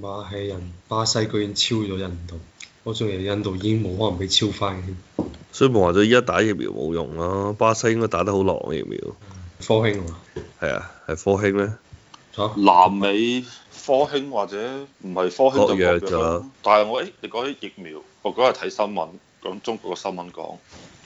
馬戲人巴西居然超咗印度，我仲以為印度已經冇可能俾超翻。所以咪話咗依家打疫苗冇用咯，啊，巴西應該打得好落嘅疫苗。科興喎。係啊，係科興咩？下南美科興或者唔係科興就弱咗。但係我誒、哎，你講起疫苗，我嗰日睇新聞，講中國嘅新聞講。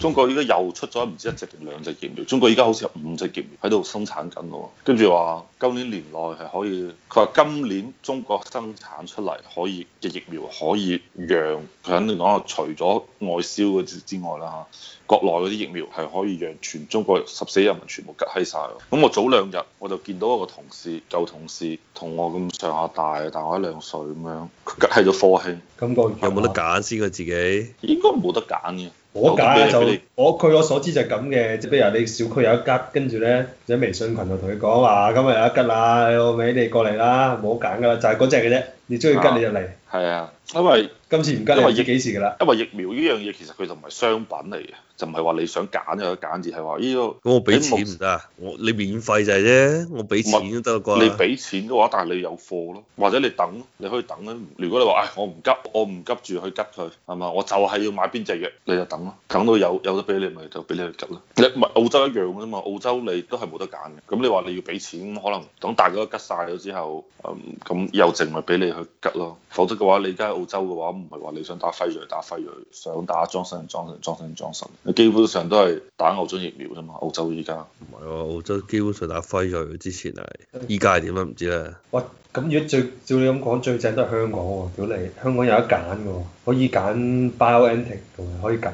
中國依家又出咗唔知一隻定兩隻疫苗，中國依家好似有五隻疫苗喺度生產緊咯，跟住話今年年內係可以，佢話今年中國生產出嚟可以嘅疫苗可以讓佢肯定講啊，除咗外銷嘅之之外啦嚇，國內嗰啲疫苗係可以讓全中國十四億人民全部吉閪晒。咁我早兩日我就見到一個同事，舊同事同我咁上下大，大我一兩歲咁樣，佢吉喺咗科興，那個，吧有冇得揀先？佢自己應該冇得揀嘅。冇得揀啊！就我據我所知就係咁嘅，即係比如你小區有一吉，跟住咧喺微信群度同佢講話，今日有一吉啦，我俾你過嚟啦，冇得揀噶啦，就係嗰隻嘅啫。你中意吉你就嚟，係啊。因為今次唔吉你唔知幾時噶啦。因為疫苗呢樣嘢其實佢唔係商品嚟嘅。唔係話你想揀就得揀，字係話呢個我俾錢唔得，欸、我你免費就係啫，我俾錢都得，你俾錢嘅話，但係你有貨咯，或者你等，你可以等咯。如果你話唉、哎，我唔急，我唔急住去吉佢，係嘛？我就係要買邊隻藥，你就等咯，等到有有得俾你咪就俾你去吉咯。你唔係澳洲一樣啫嘛？澳洲你都係冇得揀嘅，咁你話你要俾錢，可能等大家吉晒咗之後，咁、嗯、又剩咪俾你去吉咯。否則嘅話，你而家喺澳洲嘅話，唔係話你想打輝瑞打輝瑞，想打裝身裝身裝身裝身。裝基本上都係打澳洲疫苗啫嘛，澳洲依家唔係喎，澳洲基本上打輝瑞，之前係依家係點咧？唔知咧啊。喂，咁如果最照你咁講，最正都係香港喎，小黎，香港有得揀嘅喎，可以揀 BioNTech 同埋可以揀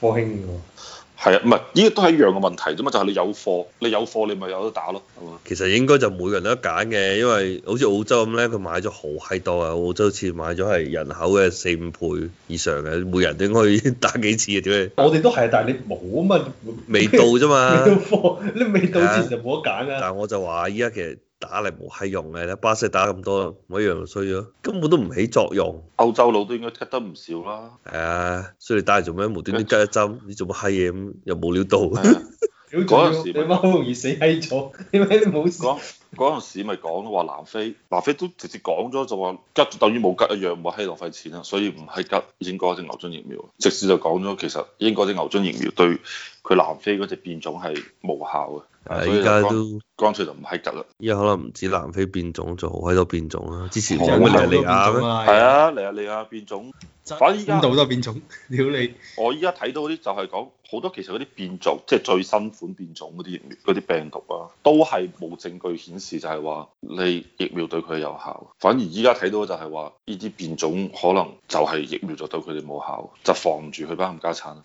科興嘅喎。係啊，唔係依個都係一樣嘅問題啫嘛，就係你有貨，你有貨你咪有得打咯。其實應該就每個人都得揀嘅，因為好似澳洲咁咧，佢買咗好閪多啊，澳洲好似買咗係人口嘅四五倍以上嘅，每人都可以打幾次嘅。點解？我哋都係啊，但係你冇啊嘛，未到啫嘛，啲貨你未到之前就冇得揀啊。但係我就話依家其實。打嚟冇閪用嘅，你巴西打咁多，每樣又衰咗，根本都唔起作用。歐洲佬都應該踢得唔少啦。係啊，所以你打嚟做咩？無端端吉一針，你做乜閪嘢咁？又冇料到。如果嗰陣時，你媽好容易死閪咗，你媽都冇事。嗰陣時咪講咗話南非，南非都直接講咗就話吉等於冇吉一樣，唔好浪費錢啦，所以唔係吉英國啲牛津疫苗，直接就講咗其實英國啲牛津疫苗對佢南非嗰隻變種係無效嘅，所以依家都乾脆就唔係吉啦。依家可能唔止南非變種仲喺度變種啦，之前講咩嚟啊？係啊，嚟啊嚟啊變種，啊、變種反而家邊度都變種，屌你！我依家睇到啲就係講好多其實嗰啲變種，即係最新款變種嗰啲嗰啲病毒啊，都係冇證據顯示。事就係話你疫苗對佢有效，反而依家睇到就係話呢啲變種可能就係疫苗就對佢哋冇效，就防住佢班冚家鏟。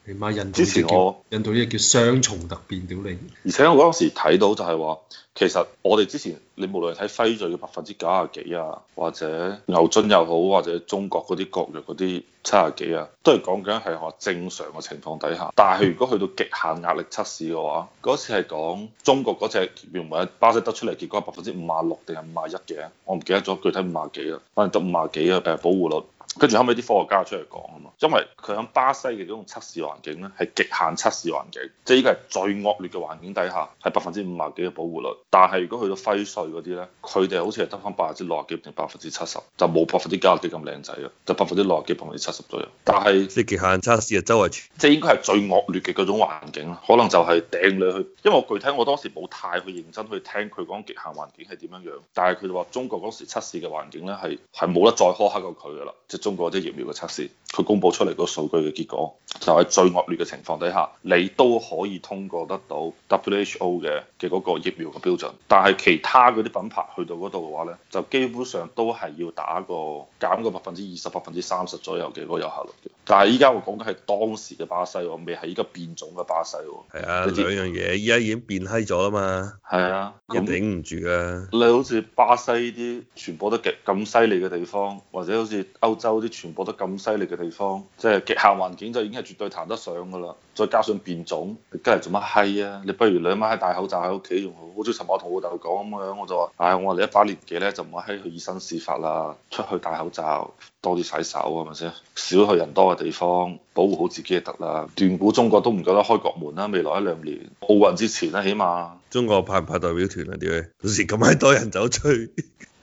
之前我印度啲叫雙重特變，屌你！而且我嗰陣時睇到就係話。其實我哋之前，你無論睇輝瑞嘅百分之九呀幾啊，或者牛津又好，或者中國嗰啲國藥嗰啲七呀幾啊，都係講緊係話正常嘅情況底下。但係如果去到極限壓力測試嘅話，嗰次係講中國嗰隻疫苗巴西得出嚟結果係百分之五呀六定係五呀一嘅，我唔記得咗具體五呀幾啊，反正得五呀幾啊，誒保護率。跟住後尾啲科學家出嚟講啊嘛，因為佢喺巴西嘅嗰種測試環境咧係極限測試環境，即係依個係最惡劣嘅環境底下係百分之五啊幾嘅保護率，但係如果去到輝瑞嗰啲咧，佢哋好似係得翻百分之六啊幾定百分之七十，就冇百分之九啊幾咁靚仔啊，就百分之六啊幾百分之七十左右。但係呢極限測試嘅周圍，即係應該係最惡劣嘅嗰種環境啦，可能就係頂你去，因為我具體我當時冇太去認真去聽佢講極限環境係點樣樣，但係佢哋話中國嗰時測試嘅環境咧係係冇得再苛刻過佢噶啦。中國啲疫苗嘅測試。佢公布出嚟個數據嘅結果，就係、是、最惡劣嘅情況底下，你都可以通過得到 WHO 嘅嘅嗰個疫苗嘅標準，但係其他嗰啲品牌去到嗰度嘅話呢，就基本上都係要打個減個百分之二十、百分之三十左右嘅嗰個有效率。但係依家我講嘅係當時嘅巴西，未係依家變種嘅巴西。係啊，你知兩樣嘢依家已經變嗨咗啊嘛。係啊，又頂唔住啊！你好似巴西啲傳播得極咁犀利嘅地方，或者好似歐洲啲傳播得咁犀利嘅地方，即係極限環境就已經係絕對談得上噶啦，再加上變種，你梗係做乜閪啊？你不如兩晚喺戴口罩喺屋企用。好似。尋日我同我老豆講咁樣，我就話：，唉、哎，我哋一把年紀咧，就唔好閪去以身試法啦，出去戴口罩，多啲洗手，係咪先？少去人多嘅地方，保護好自己就得啦。斷估中國都唔覺得開國門啦，未來一兩年奧運之前咧，起碼中國派唔派代表團啊？啲，到時咁閪多人走吹。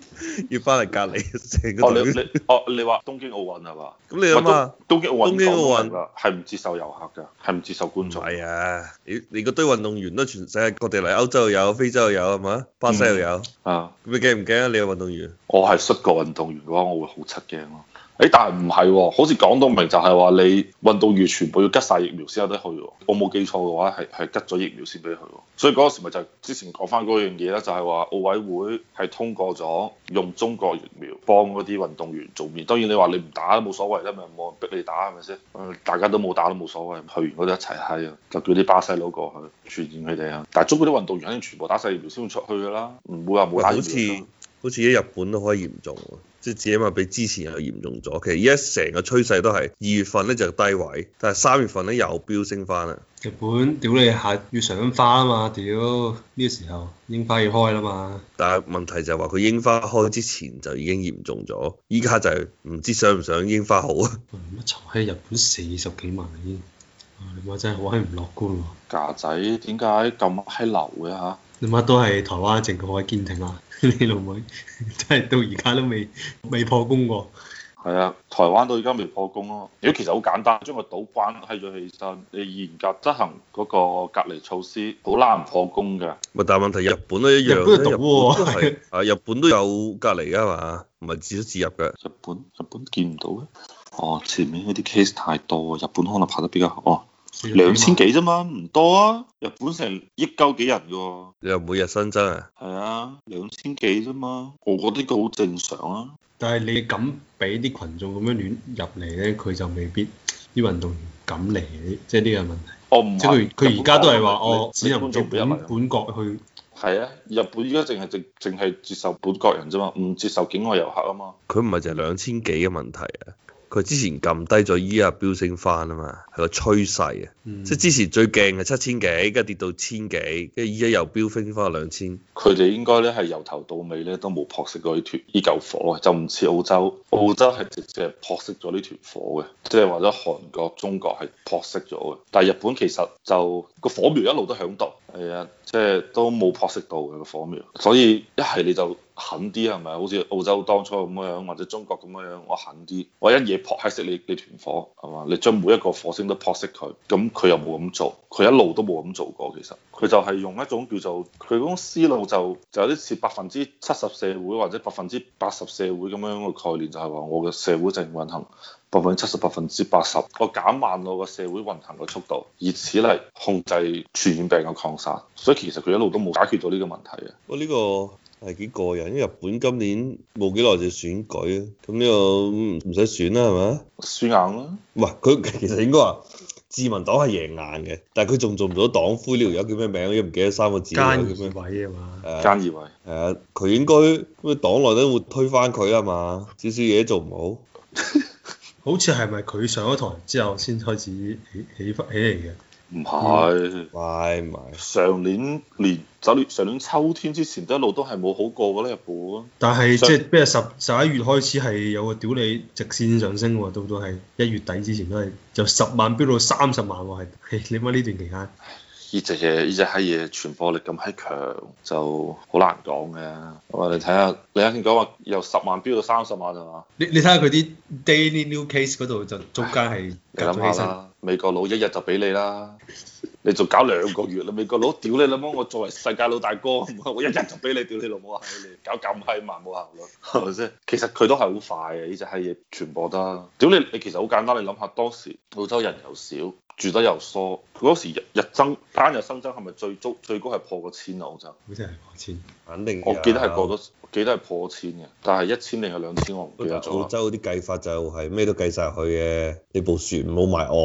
要翻嚟隔離，哦你你哦你話東京奧運係嘛？咁你諗下東,東京奧運東京奧運啦，係唔接受遊客㗎？係唔接受觀眾？係啊，連連堆運動員都全世界各地嚟，歐洲又有，非洲又有,有，係咪巴西又有,有、嗯、啊？咁你驚唔驚啊？你係運動員？我係出國運動員嘅話，我會好出驚咯、啊。誒，但係唔係喎？好似講到明就係話，你運動員全部要吉晒疫苗先有得去喎。我冇記錯嘅話，係係吉咗疫苗先俾佢。所以嗰時咪就之前講返嗰樣嘢咧，就係話奧委會係通過咗用中國疫苗幫嗰啲運動員做面。當然你話你唔打都冇所謂啦，咪冇人逼你打係咪先？大家都冇打都冇所謂，去完嗰啲一齊閪，就叫啲巴西佬過去傳染佢哋啊！但係中國啲運動員肯定全部打晒疫苗先會出去㗎啦，唔會話冇打。好似好似啲日本都可以嚴重。即係自己嘛，比之前又嚴重咗。其實而家成個趨勢都係二月份咧就低位，但係三月份咧又飆升翻啦。日本屌你下要賞花啊嘛！屌呢、這個時候櫻花要開啦嘛。但係問題就係話佢櫻花開之前就已經嚴重咗，依家就係唔知賞唔賞櫻花好啊？乜籌喺日本四十幾萬已經，你乜真係好閪唔樂觀喎？架仔點解咁係流嘅嚇？你乜都係台灣政局可以堅挺啊！你老妹真係到而家都未未破功過，係啊，台灣到而家未破功咯。如果其實好簡單，將個島關起咗起身，你嚴格執行嗰個隔離措施，好難破功嘅。咪但係問題日本都一樣咧，日本,日本啊，日本都有隔離啊嘛，唔係自自入嘅。日本日本見唔到咧。哦，前面嗰啲 case 太多，日本可能拍得比較好。哦兩千幾啫嘛，唔多啊！日本成億鳩幾人噶，你又每日新增啊，係啊，兩千幾啫嘛，我覺得佢好正常啊。但係你咁俾啲群眾咁樣亂入嚟，咧，佢就未必啲運動員敢嚟，即係呢個問題。我唔知。以，佢而家都係話我只允許本，本，本，本國去。係啊，日本而家淨係淨淨係接受本國人咋嘛，唔接受境外遊客啊嘛。佢唔係就兩千幾嘅問題啊。佢之前撳低咗依家飆升翻啊嘛，係個趨勢啊，即係之前最勁係七千幾，跟住跌到千幾，跟住依家又飆升翻個兩千。佢哋應該咧係由頭到尾咧都冇撲熄過呢團呢嚿火，啊，就唔似澳洲，澳洲係直接撲熄咗呢團火嘅，即係話呢韓國、中國係撲熄咗嘅，但係日本其實就個火苗一路都響度，係啊，即係都冇撲熄到個火苗，所以一係你就。狠啲係咪？好似澳洲當初咁樣，或者中國咁樣，我狠啲，我一嘢撲熄晒你你團火，係嘛？你將每一個火星都撲熄佢，咁佢又冇咁做，佢一路都冇咁做過。其實佢就係用一種叫做佢嗰種思路就，就就有啲似百分之七十社會或者百分之八十社會咁樣嘅概念，就係、是、話我嘅社會正運行百分之七十百分之八十，我減慢我個社會運行嘅速度，以此嚟控制傳染病嘅擴散。所以其實佢一路都冇解決到呢個問題嘅。我呢、哦呢個。係幾過癮，因為日本今年冇幾耐就選舉啊，咁呢個唔使選啦係咪？選硬啦。唔係佢其實應該話，自民黨係贏硬嘅，但係佢仲做唔到黨魁呢條友叫咩名？我已經唔記得三個字。菅義偉啊嘛。誒。菅義偉。係啊，佢、呃、應該，咁黨內都會推翻佢啊嘛。少少嘢,都做唔好。 好似係咪佢上咗台之後先開始起起翻起嚟嘅？唔係，唔係，上年年走上年秋天之前都一路都係冇好過嘅咧，日本。但係是上即係咩，十十一月開始係有個屌你直線上升喎，到到係一月底之前都係由十萬飆到三十萬喎，係你諗下呢段期間。呢隻嘢，呢隻閪嘢傳播力咁閪強，就好難講嘅。我哋睇下，你啱先講話由十萬飆到三十萬係嘛？你你睇下佢啲 daily new case 嗰度就中間係夾咗起身。美國佬一日就俾你啦，你仲搞兩個月啦？ 美國佬，屌你老母！我作為世界老大哥，我一日就俾你，屌你老母啊！搞咁閪慢冇效率，係咪先？其實佢都係好快嘅，呢隻係傳播得。屌你！你其實好簡單，你諗下當時澳洲人又少。住得又疏，嗰時日日增單日新增係咪最足？最高係破個千啊！澳洲，好似係破千，肯定。我記得係過咗，記得係破千嘅。但係一千定係兩千，我唔記得。澳洲啲計法就係、是、咩都計晒去嘅，你部船唔好埋岸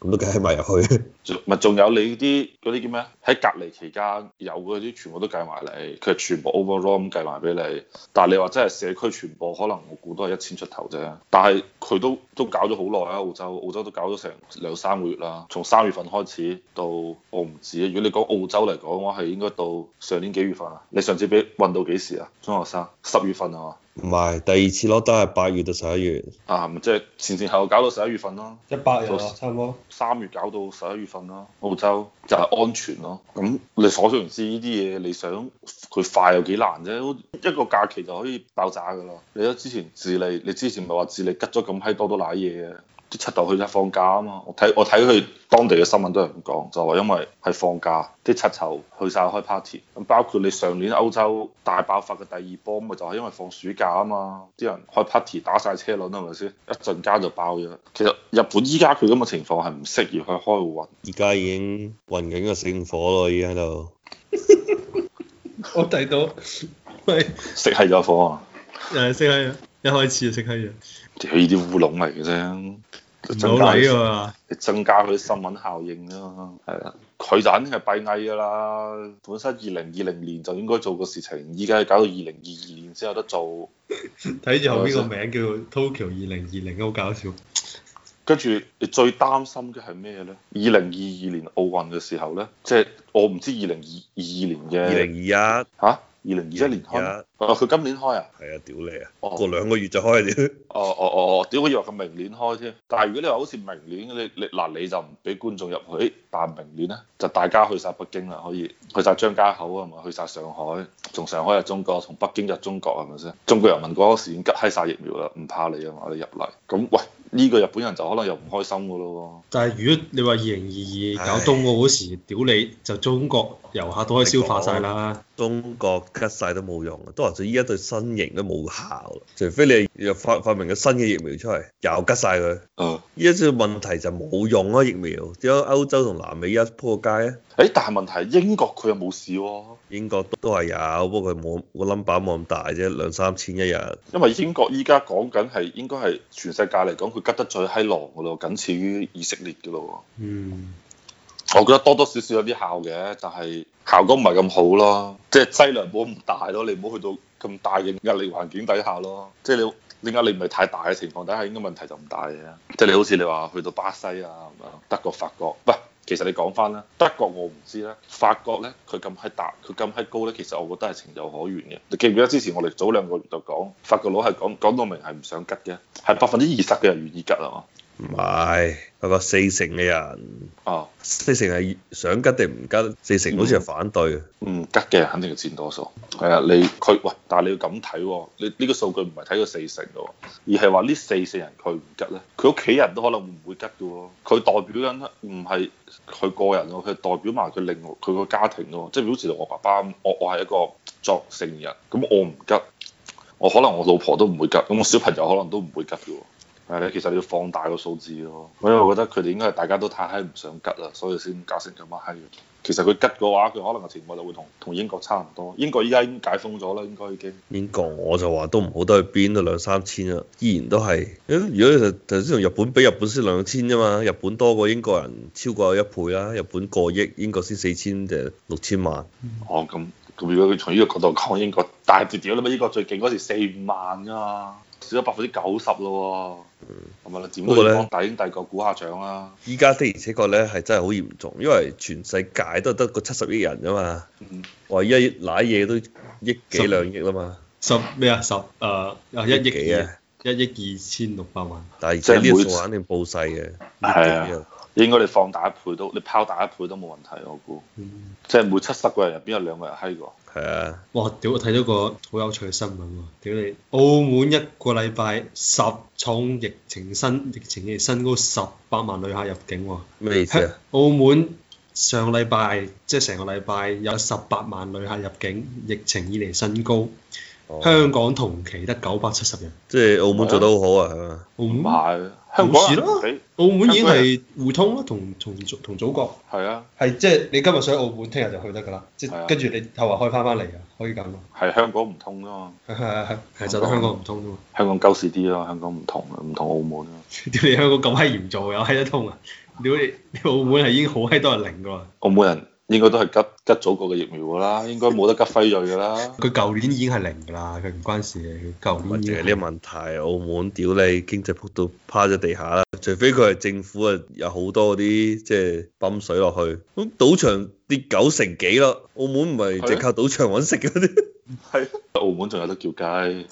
咁都計埋入去，咪仲有你啲嗰啲叫咩？喺隔離期間有嗰啲全部都計埋嚟，佢全部 overrun 咁計埋俾你。但係你話真係社區傳播，可能我估都係一千出頭啫。但係佢都都搞咗好耐啊！澳洲澳洲都搞咗成兩三個月啦。從三月份開始到我唔知，如果你講澳洲嚟講，我係應該到上年幾月份啊？你上次俾運到幾時啊？中學生，十月份啊？唔係，第二次攞都係八月到十一月啊，即、就、係、是、前前後後搞到十一月份咯。一八啊，啊差唔多三月搞到十一月份咯、啊。澳洲就係安全咯、啊。咁你所想唔知呢啲嘢，你想佢快又幾難啫、啊？一個假期就可以爆炸㗎啦。你都之前智利，你之前咪話智利吉咗咁閪多多奶嘢啊？啲七,七頭去晒放假啊嘛，我睇我睇佢當地嘅新聞都係咁講，就話因為係放假，啲七頭去晒開 party，咁包括你上年歐洲大爆發嘅第二波，咪就係、是、因為放暑假啊嘛，啲人開 party 打晒車輪啊，係咪先？一陣間就爆咗。其實日本依家佢咁嘅情況係唔適宜去開運，而家已經運緊個聖火咯，已經喺度。 我睇到，喂，熄係咗火啊！誒， 熄係。一開始就食閪藥，佢呢啲烏龍嚟嘅啫，冇理啊嘛，增加佢啲新聞效應啊嘛，係啊的，佢就肯定係閉翳噶啦，本身二零二零年就應該做嘅事情，依家搞到二零二二年先有得做，睇住 後邊個名叫 Tokyo、ok、二零二零，好搞笑。跟住你最擔心嘅係咩咧？二零二二年奧運嘅時候咧，即、就、係、是、我唔知二零二二年嘅二零二一嚇。啊二零二一年開，哦佢、啊、今年開啊，係啊屌你啊，我過兩個月就開屌、哦 哦，哦哦哦，屌我以為佢明年開添！但係如果你話好似明年，你你嗱你就唔俾觀眾入去，但明年咧就大家去晒北京啦，可以去晒張家口啊嘛，去晒上海，從上海入中國，從北京入中國係咪先？中國人民嗰時已經吉閪晒疫苗啦，唔怕你啊嘛，我哋入嚟，咁喂。呢個日本人就可能又唔開心噶咯喎。但係如果你話二零二二搞冬奧嗰時，屌你唉，就中國遊客都可以消化晒啦。中國吉晒都冇用，都話咗依家對新型都冇效，除非你又發發明個新嘅疫苗出嚟，又吉晒佢。啊！依家最問題就冇用啊疫苗，只有歐洲同南美一仆街咧？誒、欸，但係問題英國佢又冇事喎、啊。英國都都係有，不過佢冇個 number 冇咁大啫，兩三千一日。因為英國依家講緊係應該係全世界嚟講，佢吉得最閪狼嘅咯，僅次於以色列嘅咯。嗯。我覺得多多少少有啲效嘅，但係效果唔係咁好咯，即係劑量冇咁大咯，你唔好去到咁大嘅壓力環境底下咯。即係你啲壓力唔係太大嘅情況底下，應該問題就唔大嘅。即係你好似你話去到巴西啊、德國、法國，唔係其實你講翻咧，德國我唔知啦，法國咧佢咁閪大，佢咁閪高咧，其實我覺得係情有可原嘅。你記唔記得之前我哋早兩個月就講法國佬係講講到明係唔想吉嘅，係百分之二十嘅人願意吉啊嘛。唔係，嗰個四成嘅人，哦、啊，四成係想吉定唔吉？四成好似係反對，唔吉嘅肯定係佔多數。係啊，你佢喂，但係你要咁睇喎，你呢、這個數據唔係睇個四成咯、哦，而係話呢四成人佢唔吉咧，佢屋企人都可能會唔會吉㗎喎？佢代表緊唔係佢個人咯、哦，佢代表埋佢另外佢個家庭咯、哦，即係好似我爸爸我我係一個作成人，咁我唔吉，我可能我老婆都唔會吉，咁我小朋友可能都唔會吉㗎喎。係咧，其實你要放大個數字咯，因為我覺得佢哋應該係大家都太閪唔想吉啦，所以先加成咁閪。其實佢吉嘅話，佢可能個情況就會同同英國差唔多。英國依家已經解封咗啦，應該已經。英國我就話都唔好得去邊都兩三千啦，依然都係。如果你頭先同日本比，日本先兩千啫嘛，日本多過英國人超過一倍啦，日本過億，英國先四千定六千萬。嗯、哦，咁咁如果佢從呢個角度講，英國大，大係屌你咪英國最勁嗰時四五萬㗎。少咗百分之九十咯喎，係咪啦？點解大英帝國大過估下獎啦？依家的而且確咧係真係好嚴重，因為全世界都得個七十億人啊、嗯、嘛，哇！一攋嘢都億幾兩億啦嘛，十咩現啊？十誒一億幾啊？一億二千六百萬。但係呢啲數肯定報細嘅，係啊，應該你放大一倍都，你拋大一倍都冇問題，我估。即係、嗯、每七十個人入邊有兩個人閪過。係哇屌！我睇到個好有趣嘅新聞喎，屌你！澳門一個禮拜十重疫情，新疫情以嚟新高，十八萬旅客入境。咩意思？澳門上禮拜即係成個禮拜、就是、有十八萬旅客入境，疫情以嚟新高。香港同期得九百七十人，即係澳門做得好好啊！澳門唔係，香港咯。澳門已經係互通咯，同同同祖國。係啊，係即係你今日上澳門，聽日就去得噶啦。即係跟住你後日開翻翻嚟啊，可以咁。係香港唔通啊嘛，係係係就係香港唔通啊嘛。香港狗屎啲咯，香港唔同啊。唔同澳門咯。你香港咁閪嚴重又閪得通啊？你你澳門係已經好閪多人領噶啦。澳門人。應該都係吉吉祖國嘅疫苗㗎啦，應該冇得吉輝瑞㗎啦。佢舊 年已經零係零㗎啦，佢唔關事嘅。舊年疫呢個問題，澳門屌你，經濟撲到趴喺地下啦。除非佢係政府啊，有好多啲即係泵水落去。咁賭場跌九成幾啦，澳門唔係淨靠賭場揾食嘅咩？係、啊 啊。澳門仲有得叫街。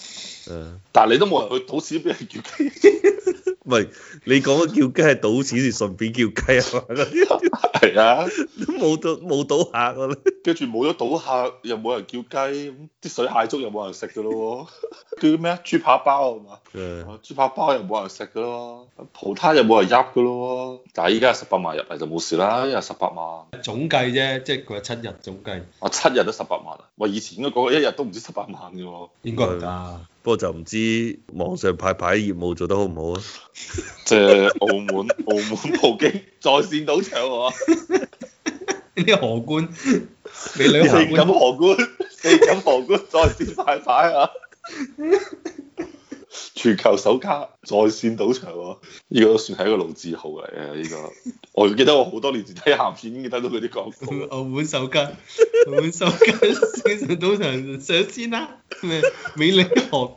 誒，但係你都冇人去賭錢俾人叫雞。喂，你講嘅叫雞係賭錢，而順便叫雞係嘛？係 啊， 都冇賭冇賭客噶啦，跟住冇咗賭客又冇人叫雞，咁啲水蟹粥又冇人食噶咯， 叫咩啊？豬扒包係嘛？誒，豬 扒包又冇人食噶咯，葡撻又冇人入噶咯，但係依家十八萬入嚟就冇事啦，一日十八萬，總計啫，即係嗰七日總計，我七日都十八萬啊。喂，以前嗰個一日都唔知十八萬嘅，應該係噶。 不過就唔知網上派牌業務做得好唔好啊？即係、呃、澳門 澳門葡京在線賭場呢啲荷官，你兩四飲荷官，四飲荷官在線派牌啊！ 全球首家在線賭場，依、這個算係一個老字號嚟嘅。呢、這個我記得我好多年前睇鹹片已經睇到佢啲廣告。澳門首家，澳門首家線 上賭場上線啦、啊，咩美女荷，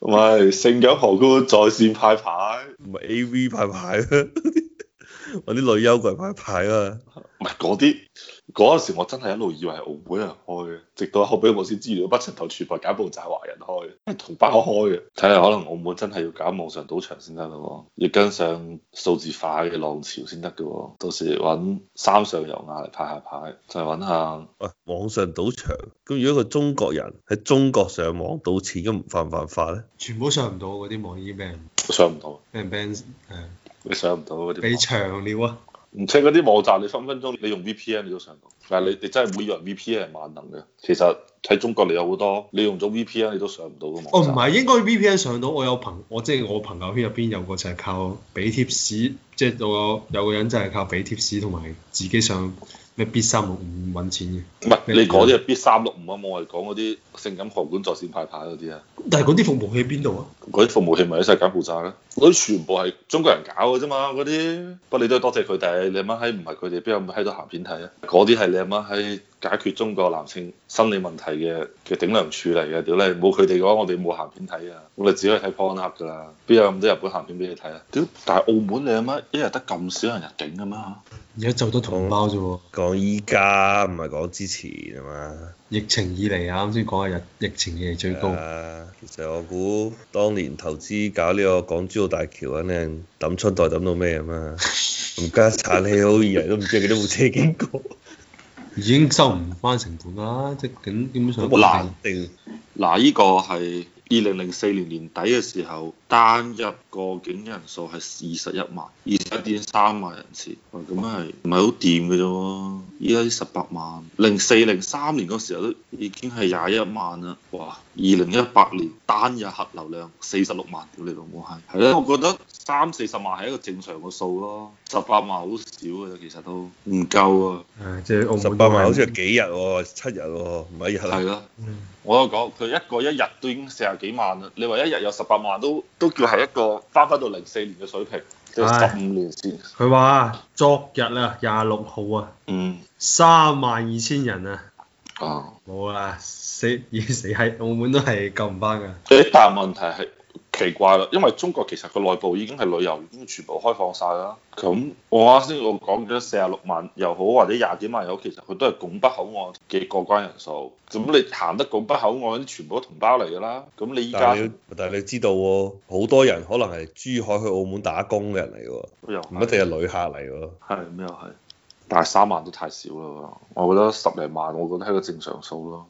同埋性感荷嗰個在線派牌，唔係 A V 派牌、啊， 我啲女優嚟派牌啊，唔係嗰啲。嗰陣時我真係一路以為係澳門人開嘅。直到後尾我先知道不尋頭全部柬埔寨華人開嘅，係同胞開嘅。睇嚟可能澳門真係要搞網上賭場先得咯，要跟上數字化嘅浪潮先得嘅。到時揾三上游亞嚟拍下牌，就係揾下喂網上賭場。咁如果個中國人喺中國上網賭錢咁犯唔犯法咧？全部上唔到嗰啲網已經 ban 上唔到 ban ban，係啊，你上唔到嗰啲。你長了啊！唔識嗰啲網站，你分分鐘你用 VPN 你都上到，但係你你真係每樣 VPN 係萬能嘅，其實喺中國嚟有好多，你用咗 VPN 你都上唔到㗎嘛。哦，唔係應該 VPN 上到，我有朋我即係、就是、我朋友圈入邊有個就係靠俾貼士，即、就、係、是、有，有個人就係靠俾貼士同埋自己上。咩 B 三六五揾錢嘅，唔係你講啲係 B 三六五啊，我係講嗰啲性感荷官在線派牌嗰啲啊。但係嗰啲服務器喺邊度啊？嗰啲服務器咪喺柬埔寨啦，嗰啲全部係中國人搞嘅啫嘛，嗰啲。不過你都係多謝佢哋，你阿媽喺唔係佢哋邊有喺度行片睇啊？嗰啲係你阿媽喺。解決中國男性心理問題嘅嘅頂梁柱嚟嘅，屌。你冇佢哋嘅話，我哋冇鹹片睇啊，我哋只可以睇 Pornhub 噶啦，邊有咁多日本鹹片俾你睇啊？屌！但係澳門你阿媽一日得咁少人入境嘅嘛？而家就多同胞啫喎。講依家唔係講之前啊嘛。疫情以嚟啊，啱先講下日疫情以嚟最高啊。其實我估當年投資搞呢個港珠澳大橋肯定揼出代揼到咩咁啊！而家 產氣好 以啊，都唔知幾多部車經過。 已經收唔翻成本啦，即係咁基本上好難定。嗱，呢個係二零零四年年底嘅時候，單日過境人數係四十一萬，二十一點三萬人次。哇，咁係唔係好掂嘅啫？依家十八萬，零四零三年嗰時候都已經係廿一萬啦，哇！二零一八年單日客流量四十六萬，屌你老母，係係咯，我覺得三四十萬係一個正常嘅數咯，十八萬好少嘅，其實都唔夠啊！十八、啊、萬好似係幾日喎、啊？七日喎、啊？唔係一日、啊？係咯，我都講佢一個一日都已經四十幾萬啦，你話一日有十八萬都都叫係一個翻返到零四年嘅水平，要十五年先。佢話：昨日啊，廿六號啊，嗯，三萬二千人啊。啊！冇啦，死已死喺澳門都係救唔翻噶。但係問題係奇怪咯，因為中國其實個內部已經係旅遊已經全部開放晒啦。咁我啱先我講咗四十六萬又好，或者廿幾萬又好，其實佢都係拱北口岸嘅過關人數。咁你行得拱北口岸，全部都同胞嚟㗎啦。咁你依家，但係你知道、哦，好多人可能係珠海去澳門打工嘅人嚟㗎，唔是一定係旅客嚟㗎。係咁又係。但係三萬都太少啦，我覺得十零萬我覺得係個正常數咯。